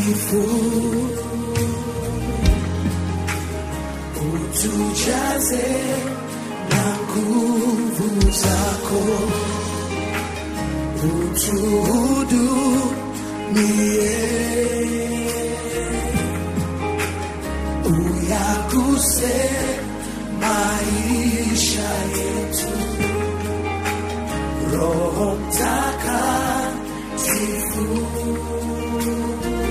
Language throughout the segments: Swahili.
Kifo utujaze na nguvu zako, utuhudumie, uyaguse maisha yetu, Roho Mtakatifu.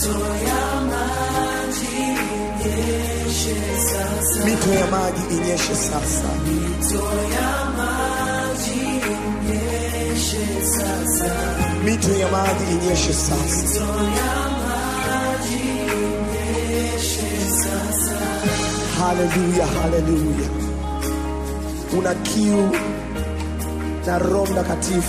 Mito ya maji inyeshe sasa. Mito ya maji inyeshe sasa. Haleluya, haleluya. Una kiu na Roho Mtakatifu